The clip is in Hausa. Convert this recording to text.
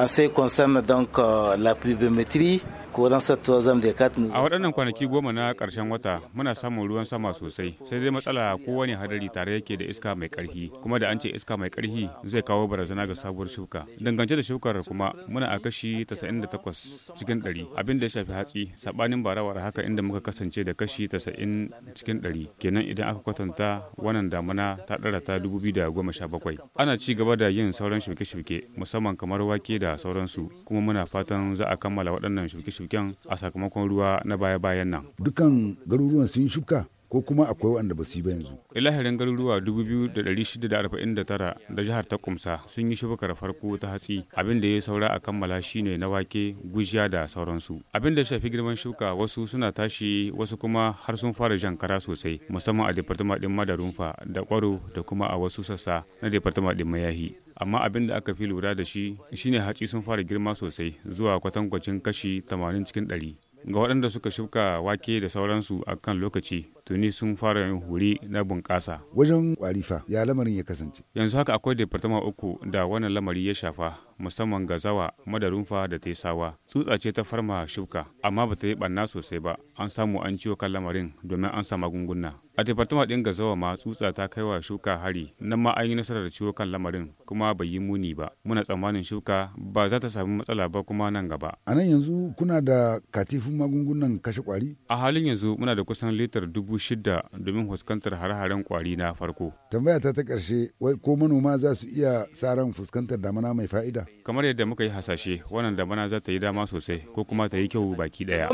En ce qui concerne donc euh, la pluviométrie, sato zan da katin a waɗannan kwanaki goma na ƙarshen wata muna samun ruwan sama sosai sai dai matsala kowane hadari tare yake da iska mai ƙarfi kuma da an ce iska mai ƙarfi zai kawo barazana ga sabuwar shuka dangance da shukar kuma muna a kashi 98 cikin 100 abin da ya shafi hatsi sabanin barawar haka inda muka kasance da kashi 90 cikin 100 kenan idan aka kwatanta wannan damuna ta ɗara ta 2017 ana ci gaba da yin sauran shuke-shuke musamman kamar wake da sauransu kuma muna fatan za a kammala waɗannan shuke-shuke a sakamakon ruwa na baya-bayan nan. Dukan garuruwan sun shuka? ko kuma akwai wanda ba su yi ba yanzu. Ilahirin garuruwa 2,649 da jihar ta kumsa sun yi shubukar farko ta hatsi abin da ya saura a kammala shine na wake gujiya da sauransu. Abin da shafi girman shuka wasu suna tashi wasu kuma har sun fara jan kara sosai musamman a departama din madarunfa da kwaro da kuma a wasu sassa na departama din mayahi. Amma abin da aka fi lura da shi shine hatsi sun fara girma sosai zuwa kwatankwacin kashi 80 cikin 100. Ga waɗanda suka shuka wake da sauransu a kan lokaci, tuni sun fara yin huri na bunƙasa. Wajen ƙwarifa ya lamarin ya kasance. Yanzu haka akwai departama uku da wannan lamari ya shafa. musamman ga zawa, madarunfa da tesawa. Tsutsa ce ta farma shuka, amma ba ta yi banna sosai ba. An samu an ciwo kan lamarin domin an sa magunguna. A din ɗin Gazawa ma tsutsa ta kai wa shuka hari, nan ma an yi nasarar ciwo kan lamarin kuma bai yi muni ba. Muna tsammanin shuka ba za ta sami matsala ba kuma nan gaba. A nan yanzu kuna da katifin magungunan kashe kwari? A halin yanzu muna da kusan litar dubu shida domin fuskantar hare-haren kwari na farko. Tambaya ta ta ƙarshe, wai ko manoma za su iya sa fuskantar damana mai fa'ida? kamar yadda muka yi hasashe wannan da bana za ta yi dama sosai ko kuma ta yi kyau baki daya.